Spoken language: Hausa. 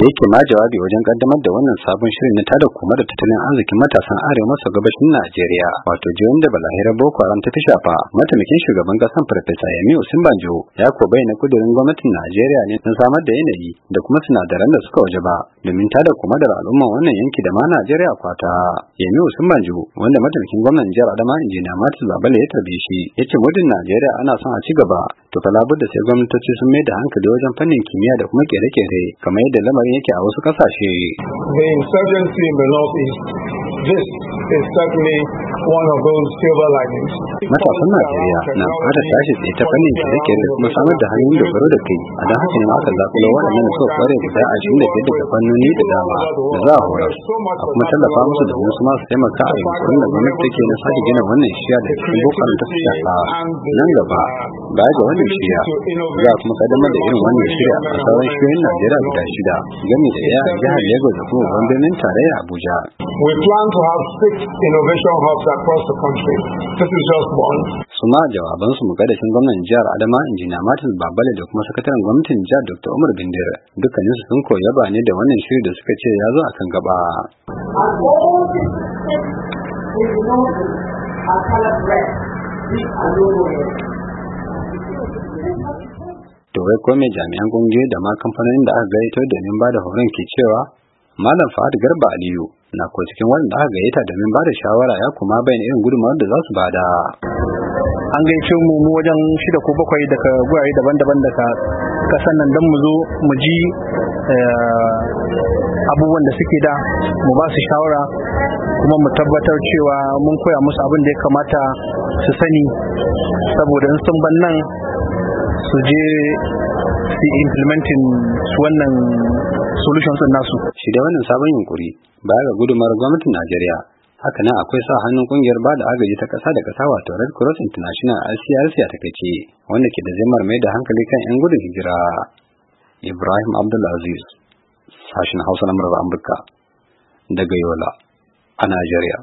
da yake ma jawabi wajen kaddamar da wannan sabon shirin na tada kuma da tattalin arzikin matasan arewa maso gabashin Najeriya wato jiyon da balahirar Boko Haram ta fa mataimakin shugaban kasan Farfesa Yemi Osinbanjo ya ko bayyana kudurin gwamnatin Najeriya ne sun samar da yanayi da kuma sinadaran da suka waje ba domin tada kuma da al'umman wannan yanki da ma Najeriya kwata Yemi Osinbanjo wanda mataimakin gwamnan jihar Adama Injiniya Martin Babale ya tarbe shi yace mudin Najeriya ana son a ci gaba to fa da sai gwamnatoci sun mai da hankali wajen fannin kimiyya da kuma kere-kere kamar yadda lamarin yake a wasu kasashe. The insurgency in Matasan Najeriya na fara tashi tsaye ta fannin kere-kere da kuma samar da hanyoyin dogaro da kai a don haka ne aka zaɓi waɗannan so kware guda ashirin da ke daga fannoni da dama da za a horar a kuma tallafa musu da wasu masu taimaka a yankunan da gwamnati take na sake gina wannan shiya da cikin da haram shafa nan gaba baya ga wannan shirya za kuma kaddamar da irin wannan shirya a sauran shiyoyin najeriya guda shida gami da ya jihar lagos da kuma babban birnin tarayya abuja we plan to have six innovation hubs across the country this is just one suna jawaban su mukaddashin gwamnan jihar adama injiniya martin babale da kuma sakataren gwamnatin jihar dr umar bindir dukkanin su sun koyi ba ne da wannan shiri da suka ce ya zo a kan gaba Thank you. to wai ko mai jami'an kungiyoyi da ma kamfanonin da aka gaito domin ba da horon ke cewa malam fa'ad garba aliyu na ko cikin waɗanda aka gayyata domin ba da shawara ya kuma bayan irin gudunmawar da za su bada an gaice mu mu wajen shida ko bakwai daga gurare daban-daban daga kasan nan don mu zo mu ji eh, abubuwan da suke da mu ba su shawara kuma mu tabbatar cewa mun koya musu abin da ya kamata su sani saboda in sun ban nan su je su implementin wannan sun nasu shi da wannan sabon yunkuri baya ga gudumar gwamnatin Najeriya haka nan akwai sa hannun kungiyar ba da agaji ta kasa da kasa wato Red Cross International RCRC ta takaice wanda ke da zimmar mai da hankali kan yan gudun hijira Ibrahim Abdullaziz, sashen Hausa na Amurka daga Yola a Najeriya